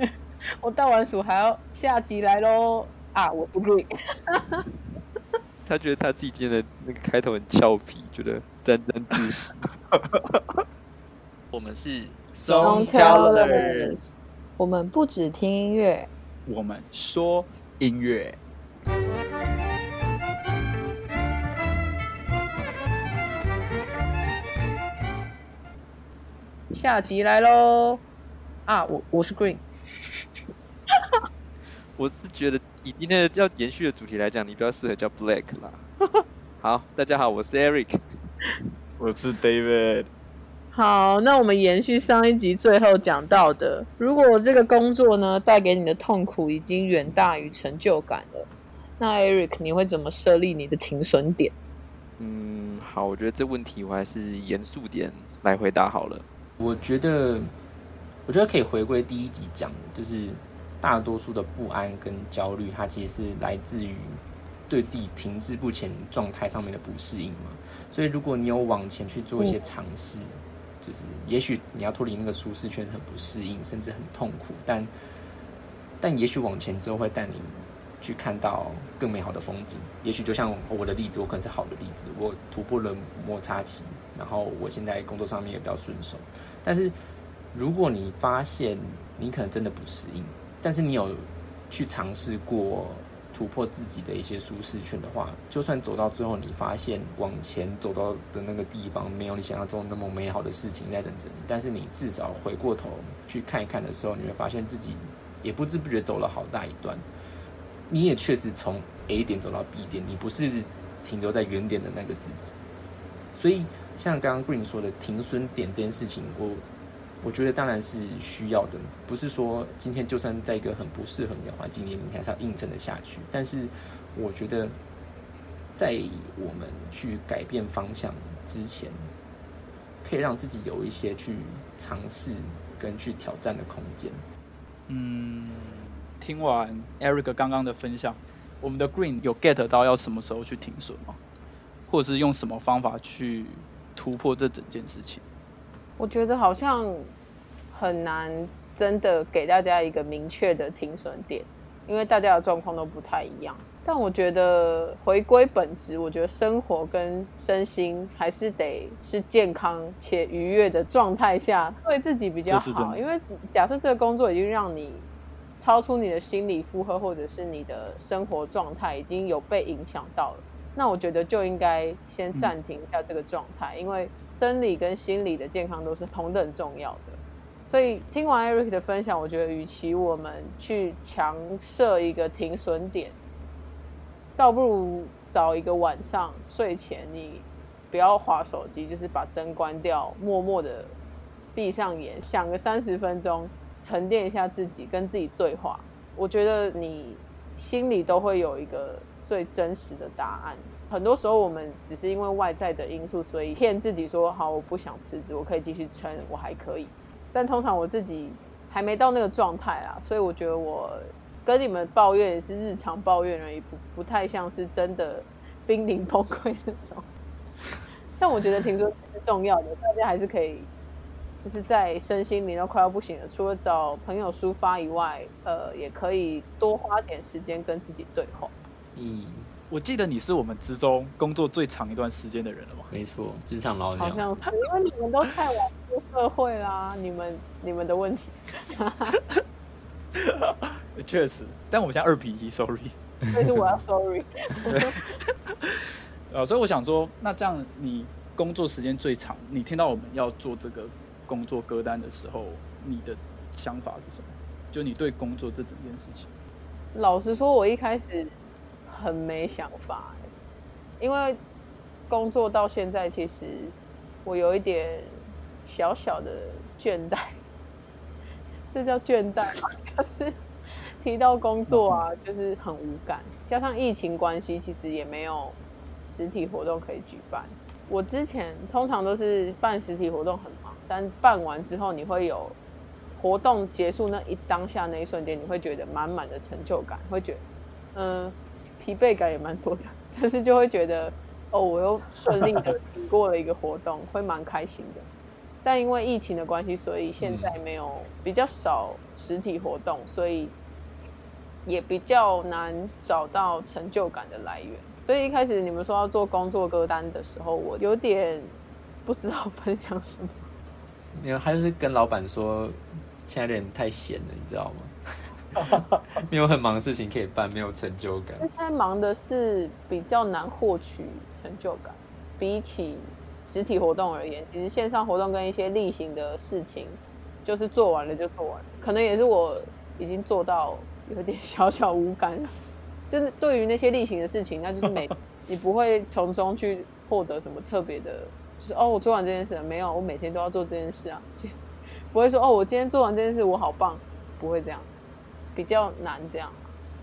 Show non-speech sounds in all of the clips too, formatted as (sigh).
(laughs) 我倒完數還要下集來嘍！啊，我是 Green。 (laughs) 他覺得他自己間的那個開頭很俏皮，覺得沾沾自喜。。 (laughs) 我們是《Song Tellers》，Song Tellers 我們不只聽音樂，我們說音樂。下集來嘍！啊，我我是 Green。我是覺得以今天要延續的主題來講，你比較適合叫 Black 啦。 (laughs) 好，大家好，我是 Eric， (laughs) 我是 David。好，那我們延續上一集最後講到的，如果這個工作呢帶給你的痛苦已經遠大於成就感了，那 Eric 你會怎麼設立你的停損點？嗯，好，我覺得這問題我還是嚴肅點來回答好了。我覺得，我覺得可以回歸第一集講的，就是。大多數的不安跟焦慮，它其實是來自於對自己停滯不前狀態上面的不適應嘛。所以，如果你有往前去做一些嘗試，嗯，就是也許你要脫離那個舒適圈，很不適應，甚至很痛苦。但但也許往前之後會帶你去看到更美好的風景。也許就像我的例子，我可能是好的例子，我突破了摩擦期，然後我現在工作上面也比較順手。但是，如果你發現你可能真的不適應。但是你有去嘗試過突破自己的一些舒適圈的話，就算走到最後，你發現往前走到的那個地方沒有你想象中那麼美好的事情在等着你，但是你至少回過頭去看一看的時候，你會發現自己也不知不覺走了好大一段，你也確實從 A 點走到 B 點，你不是停留在原點的那個自己。所以像剛剛 Green 說的停損點這件事情，我。我覺得當然是需要的，不是說今天就算在一個很不適合你的環境，你明天還是要硬撐的下去。但是，我覺得在我們去改變方向之前，可以讓自己有一些去嘗試跟去挑戰的空間。嗯，聽完 Eric 剛剛的分享，我們的 Green 有 get 到要什麼時候去停損嗎？或者是用什麼方法去突破這整件事情？我覺得好像。很難真的給大家一個明確的停損點，因為大家的狀況都不太一樣。但我覺得回歸本質，我覺得生活跟身心還是得是健康且愉悅的狀態下為自己比較好。因為假設這個工作已經讓你超出你的心理負荷，或者是你的生活狀態已經有被影響到了，那我覺得就應該先暫停一下這個狀態，嗯。因為生理跟心理的健康都是同等重要的。所以聽完 Eric 的分享，我覺得，與其我們去強設一個停損點，倒不如找一個晚上睡前，你不要滑手機，就是把燈關掉，默默的閉上眼，想個三十分鐘，沉澱一下自己，跟自己對話。我覺得你心裡都會有一個最真實的答案。很多時候，我們只是因為外在的因素，所以騙自己說：好，我不想辭職，我可以繼續撐，我還可以。但通常我自己還沒到那個狀態啊，所以我覺得我跟你們抱怨也是日常抱怨而已，不不太像是真的瀕臨崩潰那種。但我覺得挺重要的，大家還是可以，就是在身心靈都快要不行了，除了找朋友抒發以外，呃，也可以多花點時間跟自己對話。嗯。我記得你是我們之中工作最長一段時間的人了嗎？沒錯，職場老鳥。好像因為你們都太晚出社會啦、啊，你們你們的問題。確 (laughs) 實，但我們現在二比一，sorry。那是我要 sorry (laughs) 對、 (laughs) 啊。所以我想說，那這樣你工作時間最長，你聽到我們要做這個工作歌單的時候，你的想法是什麼？就你對工作這整件事情？老實說，我一開始。很沒想法耶，因為工作到現在，其實我有一點小小的倦怠，這叫倦怠。就是提到工作啊，就是很無感，加上疫情關係，其實也沒有實體活動可以舉辦。我之前通常都是辦實體活動很忙，但辦完之後，你會有活動結束那一當下那一瞬間，你會覺得滿滿的成就感，會覺得嗯。疲憊感也蠻多的，但是就會覺得，哦，我又順利的過了一個活動， (laughs) 會蠻開心的。但因為疫情的關係，所以現在沒有比較少實體活動、嗯，所以也比較難找到成就感的來源。所以一開始你們說要做工作歌單的時候，我有點不知道分享什麼。你們還是跟老闆說，現在有點太閒了，你知道嗎？沒有很忙的事情可以辦，沒有成就感。現在忙的是比較難獲取成就感，比起實體活動而言，其實線上活動跟一些例行的事情，就是做完了就做完了。可能也是我已經做到有點小小無感，就是對於那些例行的事情，那就是每 (laughs) 你不會從中去獲得什麼特別的，就是哦，我做完這件事了，沒有，我每天都要做這件事啊，不會說哦，我今天做完這件事我好棒，不會這樣。比較難這樣，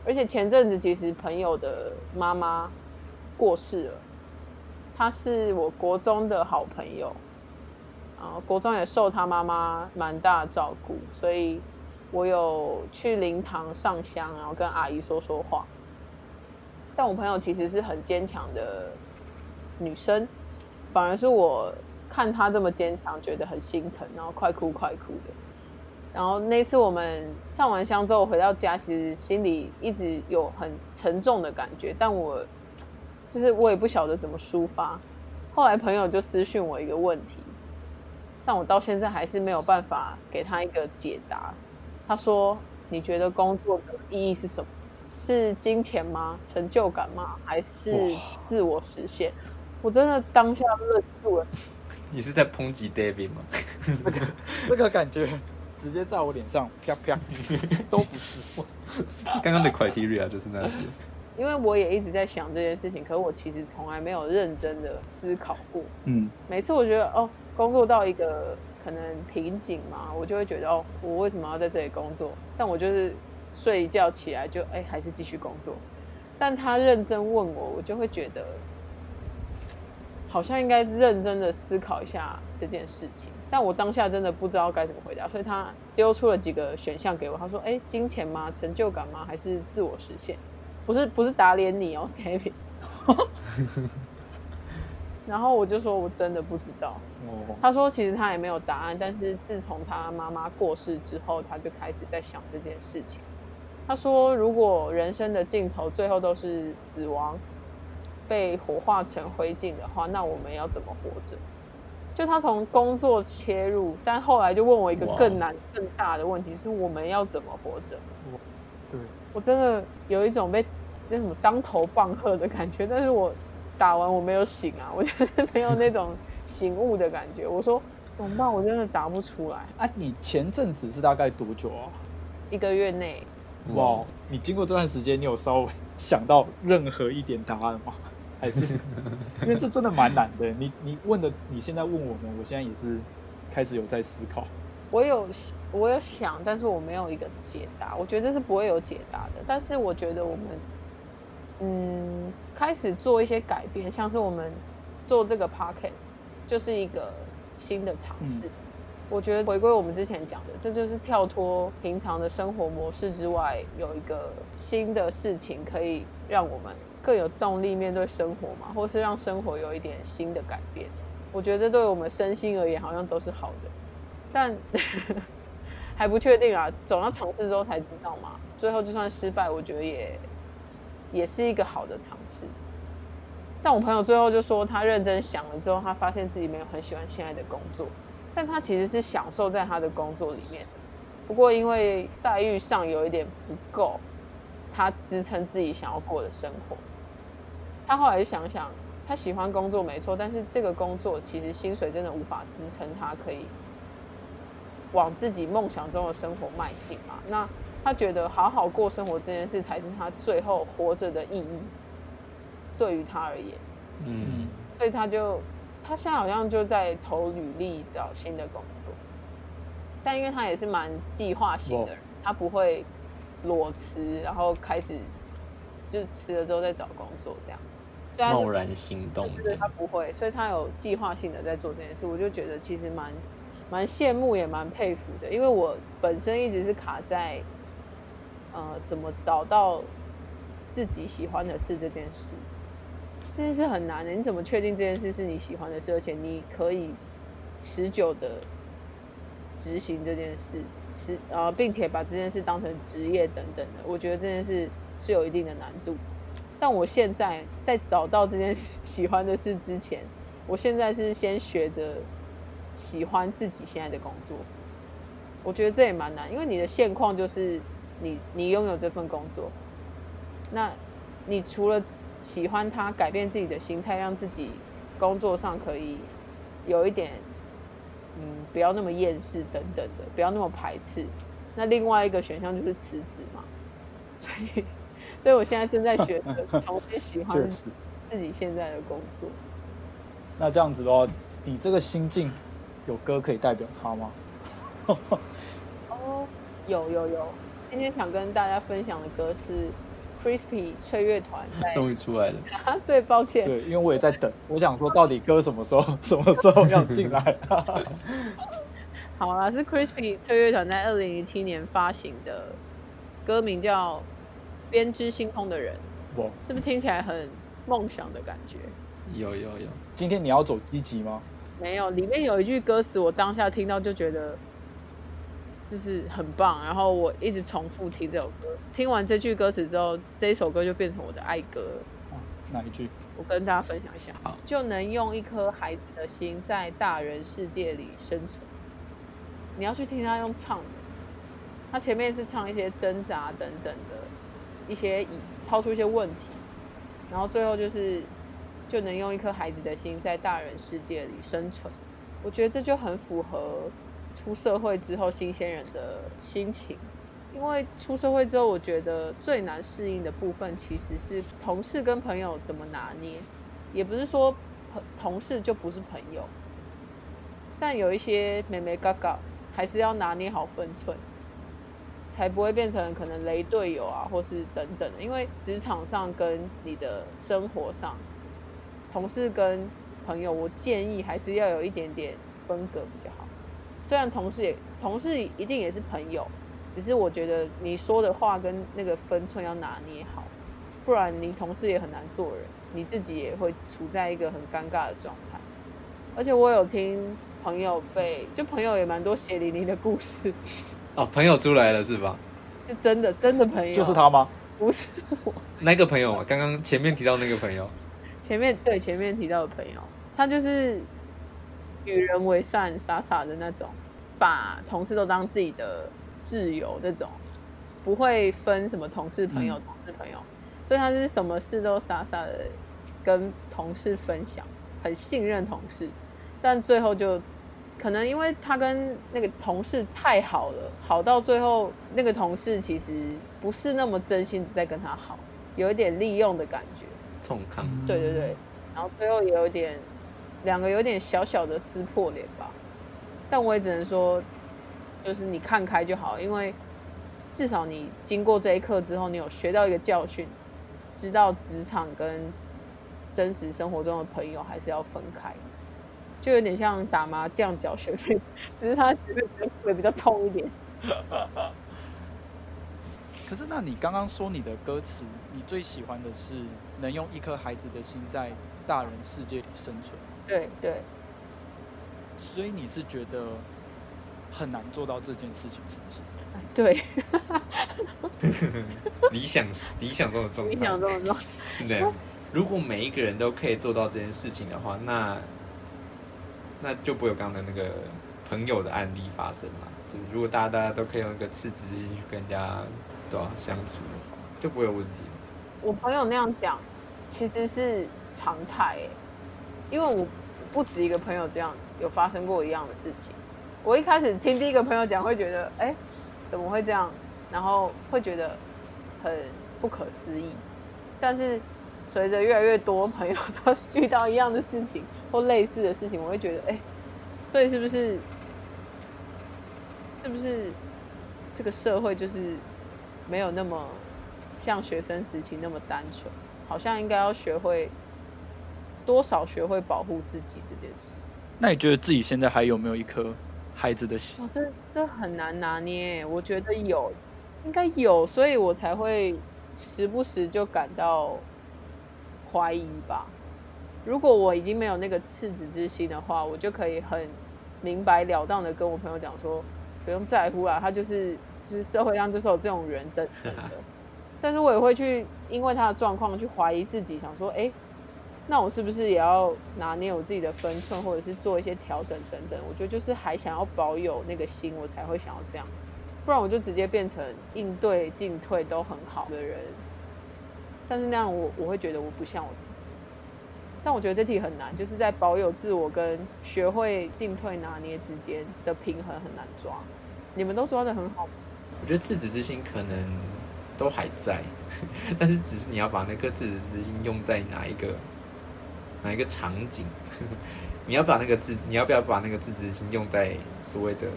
而且前陣子其實朋友的媽媽過世了，她是我國中的好朋友，啊，國中也受她媽媽蠻大的照顧，所以我有去靈堂上香，然後跟阿姨說說話。但我朋友其實是很堅強的女生，反而是我看她這麼堅強，覺得很心疼，然後快哭快哭的。然後那次我們上完香之後回到家，其實心裡一直有很沉重的感覺，但我就是我也不曉得怎麼抒發。後來朋友就私訊我一個問題，但我到現在還是沒有辦法給他一個解答。他說：“你覺得工作的意義是什麼？是金錢嗎？成就感嗎？還是自我實現？”我真的當下愣住了。你是在抨擊 David 嗎？ (laughs) (laughs) 那個、那個感覺。直接在我臉上啪啪，都不是我。剛剛的 criteria 就是那些。因為我也一直在想這件事情，可是我其實從來沒有認真的思考過。嗯，每次我覺得哦，工作到一個可能瓶頸嘛，我就會覺得哦，我為什麼要在這裡工作？但我就是睡一覺起來就哎、欸，還是繼續工作。但他認真問我，我就會覺得，好像應該認真的思考一下這件事情。但我當下真的不知道該怎麼回答，所以他丟出了幾個選項給我。他說：“哎、欸，金錢嗎？成就感嗎？還是自我實現？不是，不是打臉你哦，David。然後我就說：“我真的不知道。Oh. ”他說：“其實他也沒有答案，但是自從他媽媽過世之後，他就開始在想這件事情。他說：如果人生的盡頭最後都是死亡，被火化成灰燼的話，那我們要怎麼活着？”就他從工作切入，但後來就問我一個更難、Wow. 更大的問題：就是我們要怎麼活着？我、Wow. 對我真的有一種被那什麼當頭棒喝的感覺，但是我打完我沒有醒啊，我真的是沒有那種醒悟的感覺。 (laughs) 我說怎麼辦？我真的答不出來啊！你前陣子是大概多久啊？一個月內。哇、Wow. 嗯！你經過這段時間，你有稍微想到任何一點答案嗎？ (laughs) 還是，因為這真的蠻難的。你你問的，你現在問我們，我現在也是開始有在思考。我有我有想，但是我沒有一個解答。我覺得這是不會有解答的。但是我覺得我們嗯，開始做一些改變，像是我們做這個 podcast 就是一個新的嘗試。嗯。我覺得回歸我們之前講的，這就是跳脫平常的生活模式之外，有一個新的事情可以讓我們。更有動力面對生活嘛，或是讓生活有一點新的改變，我覺得這對我們身心而言好像都是好的，但呵呵還不確定啊，總要嘗試之後才知道嘛。最後就算失敗，我覺得也也是一個好的嘗試。但我朋友最後就說，他認真想了之後，他發現自己沒有很喜歡現在的工作，但他其實是享受在他的工作裡面的。不過因為待遇上有一點不夠，他支撐自己想要過的生活。他後來就想想，他喜歡工作沒錯，但是這個工作其實薪水真的無法支撐他可以往自己夢想中的生活邁進嘛。那他覺得好好過生活這件事才是他最後活着的意義，對於他而言，嗯，嗯，所以他就他現在好像就在投履歷找新的工作，但因為他也是蠻計劃型的人，他不會裸辭，然後開始就辭了之後再找工作這樣。貿然行動，對他，他不會，所以他有計劃性的在做這件事。我就覺得其實蠻蠻羨慕，也蠻佩服的，因為我本身一直是卡在，呃，怎麼找到自己喜歡的事這件事，這件事是很難的。你怎麼確定這件事是你喜歡的事，而且你可以持久的執行這件事，持呃，並且把這件事當成職業等等的，我覺得這件事是有一定的難度。但我現在在找到這件喜歡的事之前，我現在是先學着喜歡自己現在的工作。我覺得這也蠻難，因為你的現況就是你你擁有這份工作，那你除了喜歡它，改變自己的心態，讓自己工作上可以有一點嗯，不要那麼厭世等等的，不要那麼排斥。那另外一個選項就是辭職嘛，所以。所以，我現在正在學着重新喜歡自己現在的工作。呵呵就是、那這樣子的話，你這個心境有歌可以代表他嗎？哦、 (laughs) oh，有有有，今天想跟大家分享的歌是 Crispy 脆樂團。終於出來了， (laughs) 對，抱歉，對，因為我也在等。我想說，到底歌什麼時候、 (laughs) 什麼時候要進來？ (laughs) (laughs) 好了，是 Crispy 脆樂團在二零一七年發行的歌名叫。編織星空的人，是不是聽起來很夢想的感覺？有有有，今天你要走積極嗎？沒有，裡面有一句歌詞，我當下聽到就覺得就是很棒，然後我一直重複聽這首歌。聽完這句歌詞之後，這一首歌就變成我的愛歌。啊，哪一句？我跟大家分享一下，好，就能用一顆孩子的心在大人世界裡生存。你要去聽他用唱的，他前面是唱一些掙扎等等的。一些以拋出一些問題，然後最後就是，就能用一顆孩子的心在大人世界裡生存。我覺得這就很符合出社會之後新鮮人的心情，因為出社會之後，我覺得最難適應的部分其實是同事跟朋友怎麼拿捏。也不是說同事就不是朋友，但有一些眉眉角角還是要拿捏好分寸。才不會變成可能雷隊友啊，或是等等的。因為職場上跟你的生活上，同事跟朋友，我建議還是要有一點點分隔比較好。雖然同事也同事一定也是朋友，只是我覺得你說的話跟那個分寸要拿捏好，不然你同事也很難做人，你自己也會處在一個很尷尬的狀態。而且我有聽朋友被就朋友也蠻多血淋淋的故事。哦，朋友出來了是吧？是真的，真的朋友就是他嗎？不是我， (laughs) 那個朋友啊，剛剛前面提到那個朋友，前面對前面提到的朋友，他就是與人為善，傻傻的那種，把同事都當自己的摯友的那種，不會分什麼同事朋友同事朋友，嗯，所以他是什麼事都傻傻的跟同事分享，很信任同事，但最後就。可能因為他跟那個同事太好了，好到最後那個同事其實不是那麼真心的在跟他好，有一點利用的感覺。衝康。對對對，然後最後有一點，兩個有點小小的撕破臉吧。但我也只能說，就是你看開就好，因為至少你經過這一課之後，你有學到一個教訓，知道職場跟真實生活中的朋友還是要分開。就有點像打麻將繳學費，只是他學費比較痛一點。 (laughs) 可是，那你剛剛說你的歌詞，你最喜歡的是能用一顆孩子的心在大人世界裡生存。對對。所以你是覺得很難做到這件事情，是不是？對。理 (laughs) (laughs) 想理想中的狀態，理想中的狀態。如果每一個人都可以做到這件事情的話，那。那就不會有剛才那個朋友的案例發生嘛。就是如果大家大家都可以用一個赤子之心去跟人家對吧、啊、相處，就不會有問題。我朋友那樣講，其實是常態誒、欸，因為我不止一個朋友這樣有發生過一樣的事情。我一開始聽第一個朋友講，會覺得哎、欸、怎麼會這樣，然後會覺得很不可思議。但是隨着越來越多朋友都遇到一樣的事情。或類似的事情，我會覺得，哎、欸，所以是不是，是不是這個社會就是沒有那麼像學生時期那麼單純？好像應該要學會多少學會保護自己這件事。那你覺得自己現在還有沒有一顆孩子的心？哦，這這很難拿捏。我覺得有，應該有，所以我才會時不時就感到懷疑吧。如果我已經沒有那個赤子之心的話，我就可以很明白了當的跟我朋友講說，不用在乎啦。他就是就是社會上就是有這種人等等的。但是我也會去因為他的狀況去懷疑自己，想說，哎，那我是不是也要拿捏我自己的分寸，或者是做一些調整等等？我覺得就是還想要保有那個心，我才會想要這樣，不然我就直接變成應對進退都很好的人。但是那樣我我會覺得我不像我自己。但我覺得這題很難，就是在保有自我跟學會進退拿捏之間的平衡很難抓。你們都抓得很好，我覺得赤子之心可能都還在，但是只是你要把那個赤子之心用在哪一個哪一個場景？你要把那個自你要不要把那個赤子之心用在所謂的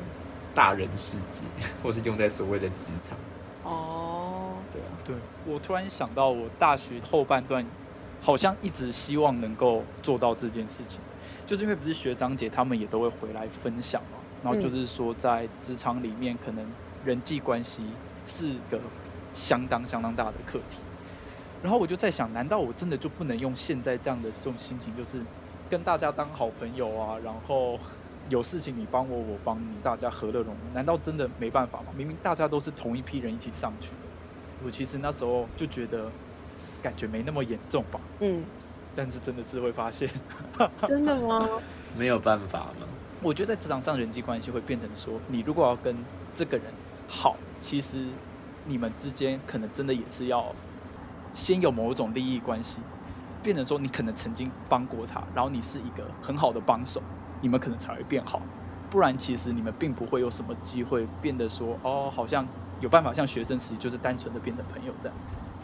大人世界，或是用在所謂的職場？哦，oh，對啊，對我突然想到我大學後半段。好像一直希望能夠做到這件事情，就是因為不是學長姐，他們也都會回來分享嘛。然後就是說，在職場裡面，可能人際關係是個相當相當大的課題。然後我就在想，難道我真的就不能用現在這樣的這種心情，就是跟大家當好朋友啊？然後有事情你幫我，我幫你，大家和樂融融。難道真的沒辦法嗎？明明大家都是同一批人一起上去的。我其實那時候就覺得。感覺沒那麼嚴重吧？嗯，但是真的是會發現，真的嗎？ (laughs) 沒有辦法嗎？我覺得在職場上人際關係會變成說，你如果要跟這個人好，其實你們之間可能真的也是要先有某種利益關係，變成說你可能曾經幫過他，然後你是一個很好的幫手，你們可能才會變好，不然其實你們並不會有什麼機會變得說，哦，好像有辦法像學生時期就是單純的變成朋友這樣。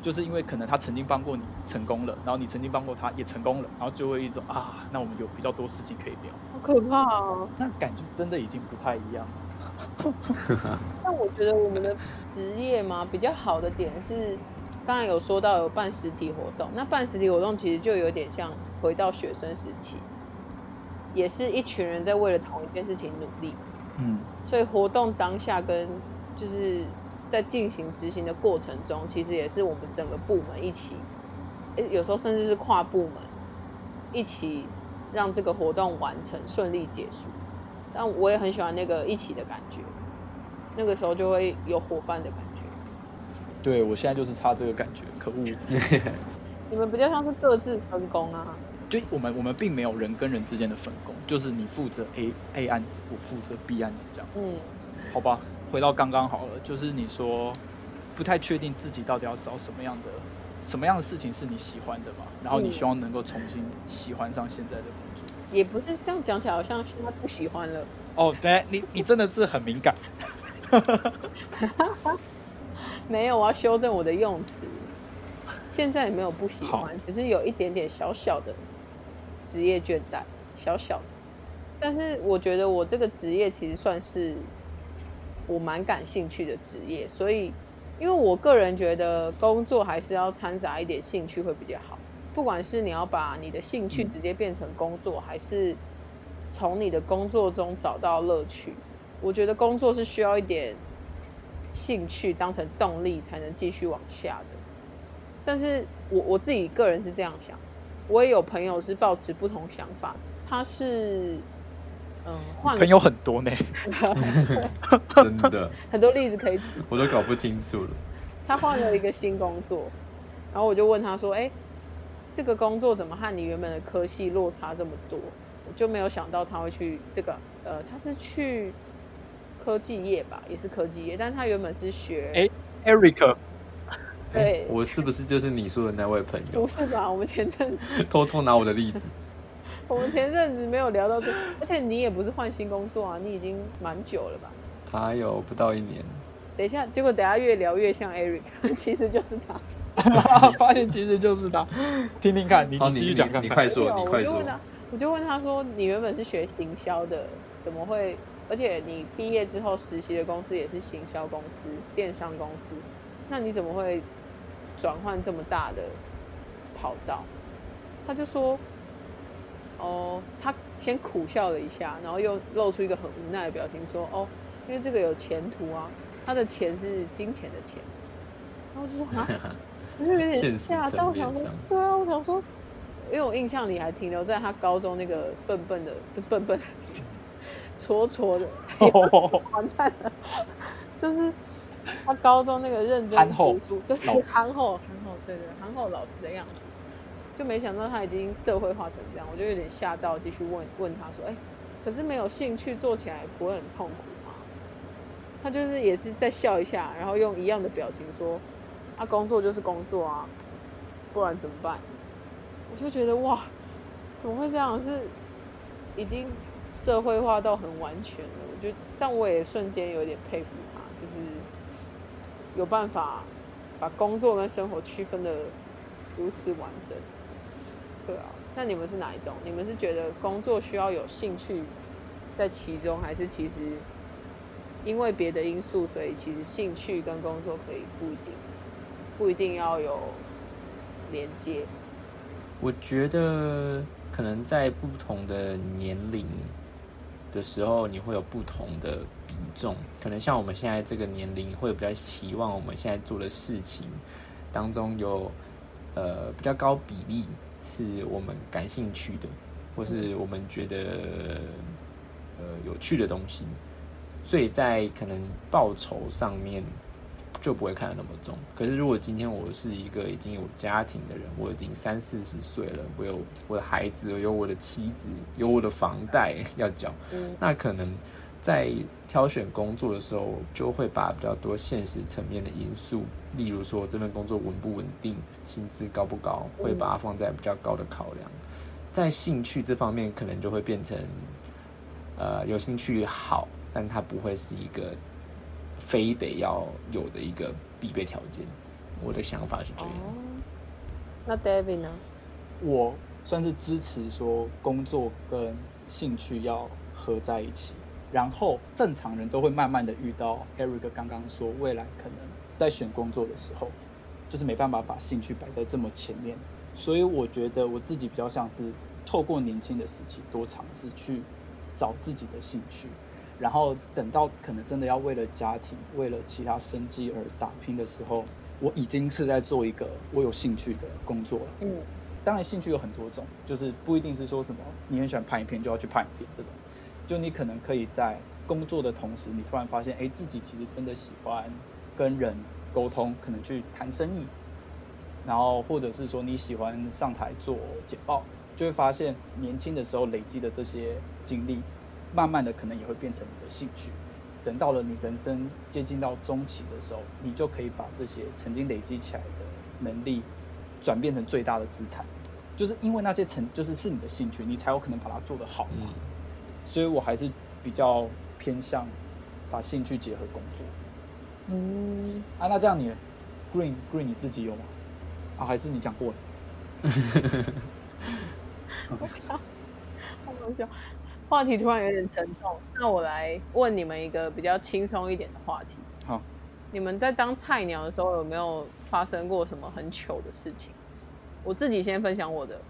就是因為可能他曾經幫過你成功了，然後你曾經幫過他也成功了，然後就會一種啊，那我們有比較多事情可以聊。好可怕哦，那感覺真的已經不太一樣。那 (laughs) (laughs) 我覺得我們的職業嘛，比較好的點是，剛才有說到有辦實體活動，那辦實體活動其實就有點像回到學生時期，也是一群人在為了同一件事情努力。嗯，所以活動當下跟就是。在進行執行的過程中，其實也是我們整個部門一起，有時候甚至是跨部門一起讓這個活動完成順利結束。但我也很喜歡那個一起的感覺，那個時候就會有夥伴的感覺。對我現在就是差這個感覺，可惡！ (laughs) 你們比較像是各自分工啊？就我們我們並沒有人跟人之間的分工，就是你負責 A A 案子，我負責 B 案子這樣。嗯。好吧，回到剛剛好了，就是你說不太確定自己到底要找什麼樣的、什麼樣的事情是你喜歡的嘛？然後你希望能夠重新喜歡上現在的工作，也不是這樣講起來，好像現在不喜歡了哦。對、oh, okay，你你真的是很敏感， (laughs) (laughs) 沒有，我要修正我的用詞，現在也沒有不喜歡，只是有一點點小小的職業倦怠，小小的。但是我覺得我這個職業其實算是。我蠻感興趣的職業，所以因為我個人覺得工作還是要摻雜一點興趣會比較好。不管是你要把你的興趣直接變成工作，還是從你的工作中找到樂趣，我覺得工作是需要一點興趣當成動力才能繼續往下的。但是我我自己個人是這樣想，我也有朋友是抱持不同想法，他是。嗯，朋友很多呢， (laughs) 真的很多例子可以舉， (laughs) 我都搞不清楚了。他換了一個新工作，然後我就問他說：“哎、欸，這個工作怎麼和你原本的科系落差這麼多？”我就沒有想到他會去這個，呃，他是去科技業吧，也是科技業，但是他原本是學哎，Erica、欸、對，我是不是就是你說的那位朋友？不是吧，我們前陣子 (laughs) 偷偷拿我的例子。我們前陣子沒有聊到這個，而且你也不是換新工作啊，你已經蠻久了吧？還、啊、有不到一年。等一下，結果等下越聊越像 Eric，其實就是他。 (laughs) (laughs) (laughs) 發現其實就是他， (laughs) 聽聽看，你繼續講看看，你，你快說，你快說。我就問他，我就問他說，你原本是學行銷的，怎麼會？而且你畢業之後實習的公司也是行銷公司、電商公司，那你怎麼會轉換這麼大的跑道？他就說。哦，他先苦笑了一下，然後又露出一個很無奈的表情，說：“哦，因為這個有前途啊，他的錢是金錢的錢。然我 (laughs) ”然後就說：“啊，我就有點嚇到，想說，對啊，我想說，因為我印象裡還停留在他高中那個笨笨的，不是笨笨，戳戳的，完蛋了， (laughs) oh. (laughs) 就是他高中那個認真、的，憨厚、對是憨厚、憨厚，對對，憨厚老實的樣子。”就沒想到他已經社會化成這樣，我就有點嚇到，繼續問問他說：“哎、欸，可是沒有興趣做起來不會很痛苦嗎？”他就是也是在笑一下，然後用一樣的表情說：“啊，工作就是工作啊，不然怎麼辦？”我就覺得哇，怎麼會這樣？是已經社會化到很完全了。我就但我也瞬間有點佩服他，就是有辦法把工作跟生活區分得如此完整。對啊，那你們是哪一種？你們是覺得工作需要有興趣在其中，還是其實因為別的因素，所以其實興趣跟工作可以不一定，不一定要有連接？我覺得可能在不同的年齡的時候，你會有不同的比重。可能像我們現在這個年齡，會比較期望我們現在做的事情當中有呃比較高比例。是我們感興趣的，或是我們覺得呃有趣的東西，所以在可能報酬上面就不會看得那麼重。可是如果今天我是一個已經有家庭的人，我已經三四十歲了，我有我的孩子，有我的妻子，有我的房貸要繳，那可能。在挑選工作的時候，就會把比較多現實層面的因素，例如說，這份工作穩不穩定、薪資高不高，會把它放在比較高的考量。嗯。在興趣這方面，可能就會變成，呃，有興趣好，但它不會是一個非得要有的一個必備條件。我的想法是這樣。個，哦。那 David 呢？我算是支持說工作跟興趣要合在一起。然後正常人都會慢慢的遇到，Eric 剛剛說未來可能在選工作的時候，就是沒辦法把興趣擺在這麼前面，所以我覺得我自己比較像是透過年輕的時期多嘗試去找自己的興趣，然後等到可能真的要為了家庭、為了其他生計而打拼的時候，我已經是在做一個我有興趣的工作了。嗯，當然興趣有很多種，就是不一定是說什麼你很喜歡拍影片就要去拍影片這種。就你可能可以在工作的同時，你突然發現，哎、欸，自己其實真的喜歡跟人溝通，可能去談生意，然後或者是說你喜歡上台做簡報，就會發現年輕的時候累積的這些經歷，慢慢的可能也會變成你的興趣。等到了你人生接近到中期的時候，你就可以把這些曾經累積起來的能力，轉變成最大的資產。就是因為那些成就是是你的興趣，你才有可能把它做得好嘛。嗯所以，我還是比較偏向把興趣結合工作。嗯，啊，那這樣你 green green 你自己有嗎？啊、哦，還是你講過了，我好話題突然有點沉重。那我來問你們一個比較輕鬆一點的話題。好、哦，你們在當菜鳥的時候有沒有發生過什麼很糗的事情？我自己先分享我的。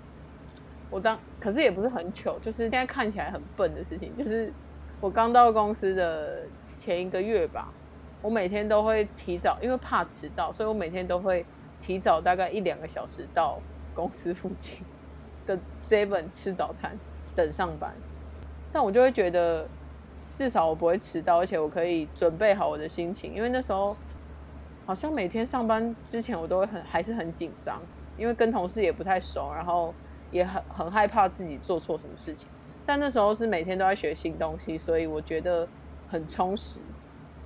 我當可是也不是很糗，就是現在看起來很笨的事情，就是我剛到公司的前一個月吧，我每天都會提早，因為怕遲到，所以我每天都會提早大概一兩個小時到公司附近的 Seven 吃早餐，等上班。但我就會覺得，至少我不會遲到，而且我可以準備好我的心情，因為那時候好像每天上班之前我都會很還是很緊張，因為跟同事也不太熟，然後。也很很害怕自己做錯什麼事情，但那時候是每天都在學新東西，所以我覺得很充實，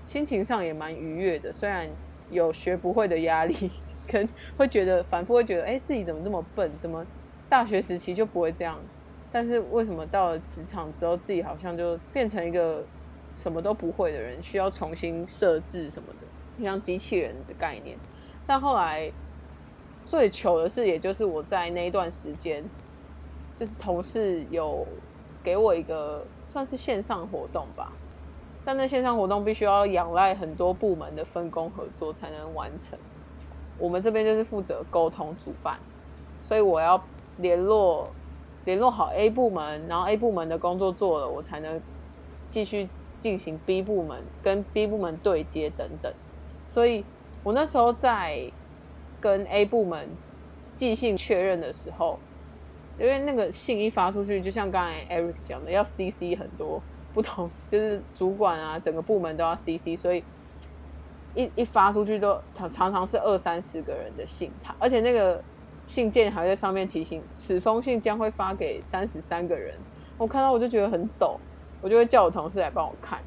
心情上也蠻愉悅的。雖然有學不會的壓力，跟會覺得反覆會覺得，哎、欸，自己怎麼這麼笨？怎麼大學時期就不會這樣？但是為什麼到了職場之後，自己好像就變成一個什麼都不會的人，需要重新設置什麼的，像機器人的概念。但後來。最糗的是，也就是我在那一段時間，就是同事有給我一個算是線上活動吧，但那線上活動必須要仰賴很多部門的分工合作才能完成。我們這邊就是負責溝通主辦，所以我要聯絡聯絡好 A 部門，然後 A 部門的工作做了，我才能繼續進行 B 部門跟 B 部門對接等等。所以我那時候在。跟 A 部門寄信確認的時候，因為那個信一發出去，就像剛才 Eric 講的，要 CC 很多不同，就是主管啊，整個部門都要 CC，所以一一發出去都常常常是二三十個人的信，他而且那個信件還在上面提醒，此封信將會發給三十三個人。我看到我就覺得很抖，我就會叫我同事來幫我看，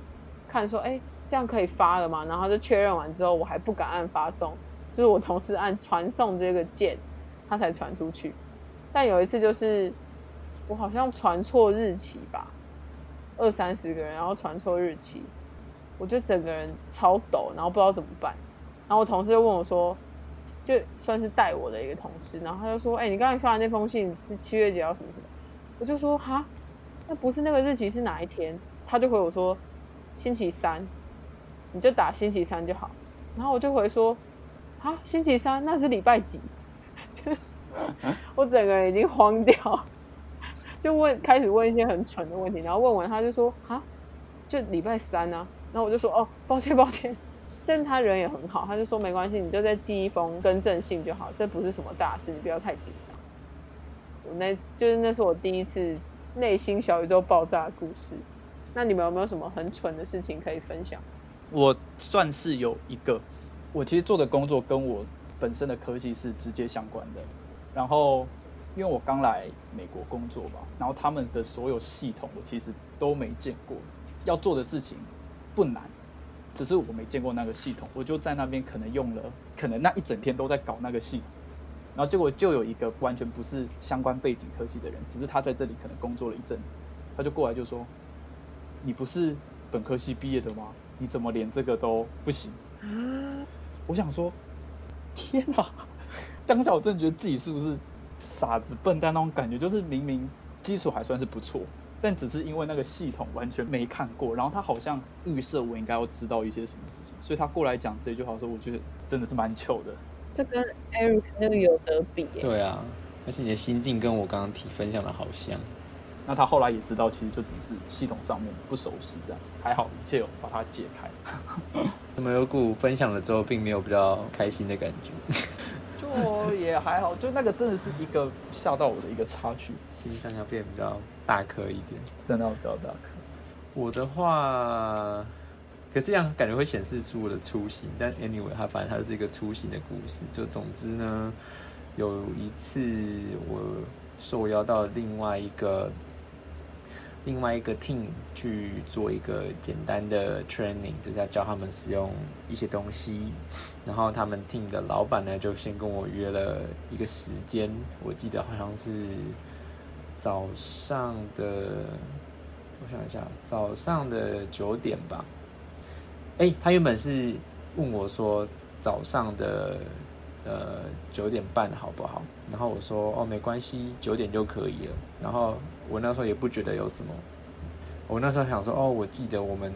看說，哎、欸，這樣可以發了嗎？然後就確認完之後，我還不敢按發送。就是我同事按傳送這個鍵，他才傳出去。但有一次就是，我好像傳錯日期吧，二三十個人，然後傳錯日期，我就整個人超抖，然後不知道怎麼辦。然後我同事就問我說，就算是帶我的一個同事，然後他就說：“哎、欸，你剛才發的那封信是七月幾號？什麼什麼？”我就說：“哈，那不是那個日期，是哪一天？”他就回我說：“星期三，你就打星期三就好。”然後我就回說。啊、星期三那是禮拜幾？ (laughs) 我整個人已經慌掉， (laughs) 就問開始問一些很蠢的問題，然後問完他就說啊，就禮拜三啊，然後我就說哦，抱歉抱歉，但是他人也很好，他就說沒關係，你就再寄一封更正信就好，這不是什麼大事，你不要太緊張。我那就是那是我第一次內心小宇宙爆炸的故事。那你們有沒有什麼很蠢的事情可以分享？我算是有一個。我其實做的工作跟我本身的科系是直接相關的，然後因為我剛來美國工作吧，然後他們的所有系統我其實都沒見過，要做的事情不難，只是我沒見過那個系統，我就在那邊可能用了，可能那一整天都在搞那個系統，然後結果就有一個完全不是相關背景科系的人，只是他在這裡可能工作了一陣子，他就過來就說：“你不是本科系畢業的嗎？你怎麼連這個都不行？”嗯。我想說，天啊！當下我真的覺得自己是不是傻子、笨蛋那種感覺？就是明明基礎還算是不錯，但只是因為那個系統完全沒看過，然後他好像預設我應該要知道一些什麼事情，所以他過來講這句話的時候，我覺得真的是蠻糗的。這跟 Eric 那個有得比欸。對啊，而且你的心境跟我剛剛提分享的好像。那他後來也知道，其實就只是系統上面不熟悉這樣，還好一切有把它解開。 (laughs) 怎麼有股分享了之後並沒有比較開心的感覺？ (laughs) 就也還好，就那個真的是一個嚇到我的一個插曲。 (laughs) 心臟要變得比較大顆一點，真的要比較大顆。我的話，可這樣感覺會顯示出我的粗心，但 anyway，它反正它是一個粗心的故事。就總之呢，有一次我受邀到另外一個。另外一個 team 去做一個簡單的 training，就是要教他們使用一些東西。然後他們 team 的老板呢，就先跟我約了一個時間，我記得好像是早上的，我想一下，早上的九點吧。誒，他原本是問我說早上的呃九點半好不好？然後我說哦，沒關係，九點就可以了。然後。我那時候也不覺得有什麼，我那時候想說，哦，我記得我們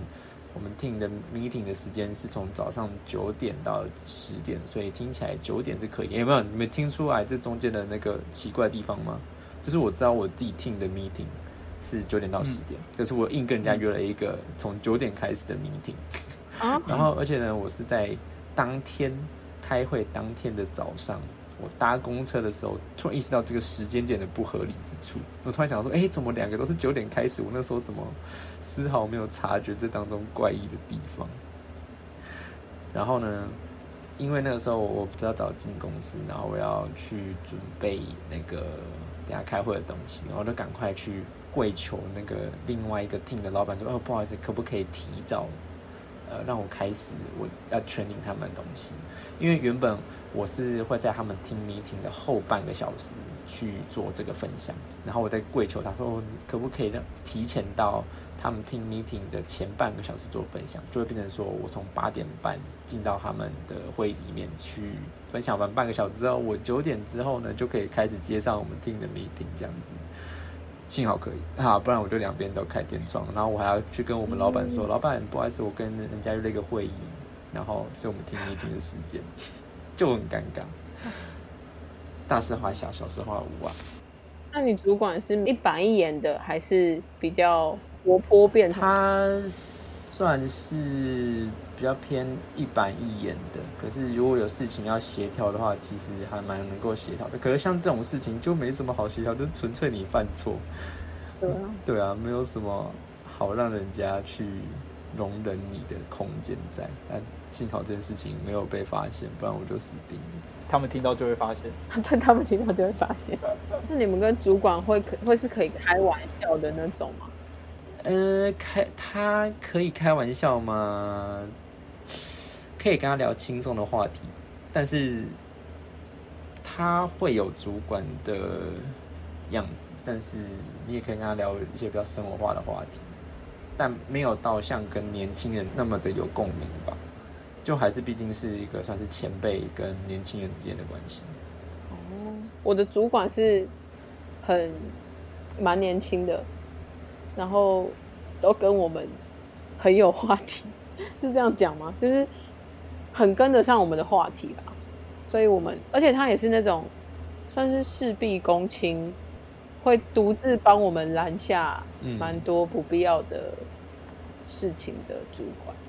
我們 team 的 meeting 的時間是從早上九點到十點，所以聽起來九點是可以，有沒有你們聽出來這中間的那個奇怪的地方嗎？就是我知道我自己 team 的 meeting 是九點到十點，可、嗯，就是我硬跟人家約了一個從九點開始的 meeting，、嗯、 (laughs) 然後而且呢，我是在當天開會當天的早上。我搭公車的時候，突然意識到這個時間點的不合理之處。我突然想說，哎、欸，怎麼兩個都是九點開始？我那時候怎麼絲毫沒有察覺這當中怪異的地方？然後呢，因為那個時候我比較早進公司，然後我要去準備那個等下開會的東西，然後就趕快去跪求那個另外一個 team 的老闆說，哦，不好意思，可不可以提早，呃，讓我開始？我要全領他們的東西，因為原本。我是會在他們 team meeting 的後半個小時去做這個分享，然後我在跪求他說可不可以讓提前到他們 team meeting 的前半個小時做分享，就會變成說我從八點半進到他們的會議裡面去分享完半個小時之後，我九點之後呢就可以開始接上我們 team 的 meeting 這樣子。幸好可以，哈，不然我就兩邊都開天窗。然後我還要去跟我們老闆說，老闆不好意思，我跟人家約了一個會議，然後是我們 team meeting 的時間。 (laughs) 就很尷尬，大事化小，小事化無啊。那你主管是一板一眼的，還是比較活潑變態？他算是比較偏一板一眼的，可是如果有事情要協調的話，其實還蠻能夠協調的。可是像這種事情就沒什麼好協調，就純粹你犯錯。對啊，嗯，對啊，沒有什麼好讓人家去容忍你的空間在。幸好這件事情沒有被發現，不然我就死定了。他們聽到就會發現，對， (laughs) 他們聽到就會發現。那你們跟主管會可會是可以開玩笑的那種嗎？呃，開他可以開玩笑嗎？可以跟他聊輕鬆的話題，但是他會有主管的樣子，但是你也可以跟他聊一些比較生活化的話題，但沒有到像跟年輕人那麼的有共鳴吧。就還是畢竟是一個算是前輩跟年輕人之間的關係。哦，我的主管是很蠻年輕的，然後都跟我們很有話題，是這樣講嗎？就是很跟得上我們的話題吧。所以我們，而且他也是那種算是事必躬親，會獨自幫我們攔下蠻多不必要的事情的主管。嗯。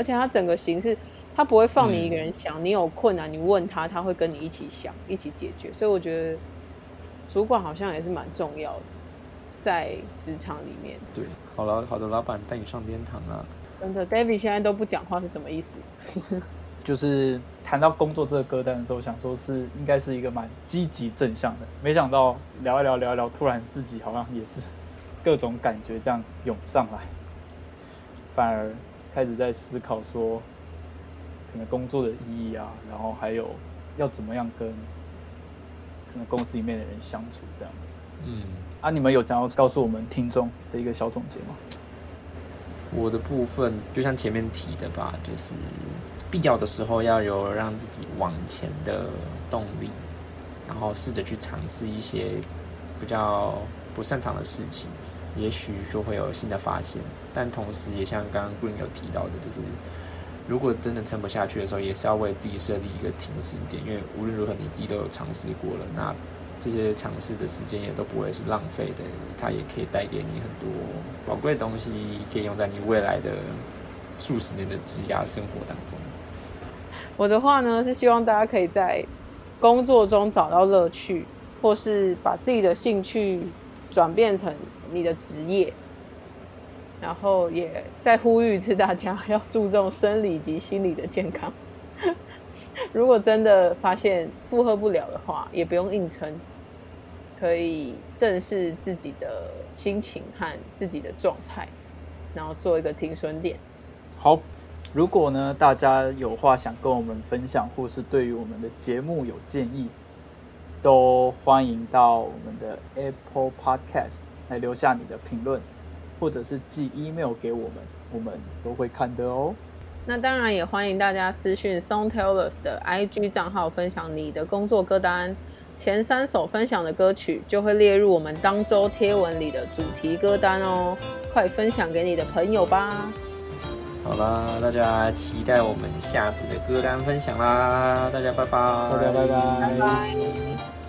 而且他整個形式，他不會放你一個人想，嗯、你有困難你問他，他會跟你一起想，一起解決。所以我覺得，主管好像也是蠻重要的，在職場裡面。對，好了，好的，老闆帶你上天堂啦。真的，David 現在都不講話是什麼意思？ (laughs) 就是談到工作這個歌單的時候，我想說是應該是一個蠻積極正向的，沒想到聊一聊聊一聊，突然自己好像也是各種感覺這樣湧上來，反而。開始在思考說，可能工作的意義啊，然後還有要怎麼樣跟可能公司裡面的人相處這樣子。嗯，啊，你們有想要告訴我們聽眾的一個小總結嗎？我的部分就像前面提的吧，就是必要的時候要有讓自己往前的動力，然後試着去嘗試一些比較不擅長的事情。也許就會有新的發現，但同時也像剛剛 Green 有提到的，就是如果真的撐不下去的時候，也是要為自己設立一個停損點，因為無論如何，你自己都有嘗試過了，那這些嘗試的時間也都不會是浪費的，它也可以帶給你很多寶貴的東西，可以用在你未來的數十年的職涯生活當中。我的話呢，是希望大家可以在工作中找到樂趣，或是把自己的興趣轉變成。你的職業，然後也再呼籲一次大家要注重生理及心理的健康。 (laughs) 如果真的發現負荷不了的話，也不用硬撐，可以正視自己的心情和自己的狀態，然後做一個停損點。好，如果呢，大家有話想跟我們分享，或是對於我們的節目有建議，都歡迎到我們的 Apple Podcast。還留下你的評論，或者是寄 email 給我們，我們都會看的哦。那當然也歡迎大家私訊 Song Tellers 的 IG 賬號分享你的工作歌單，前三首分享的歌曲就會列入我們當週貼文裡的主題歌單哦。快分享給你的朋友吧！好啦，大家期待我們下次的歌單分享啦！大家拜拜，大家拜拜。拜拜。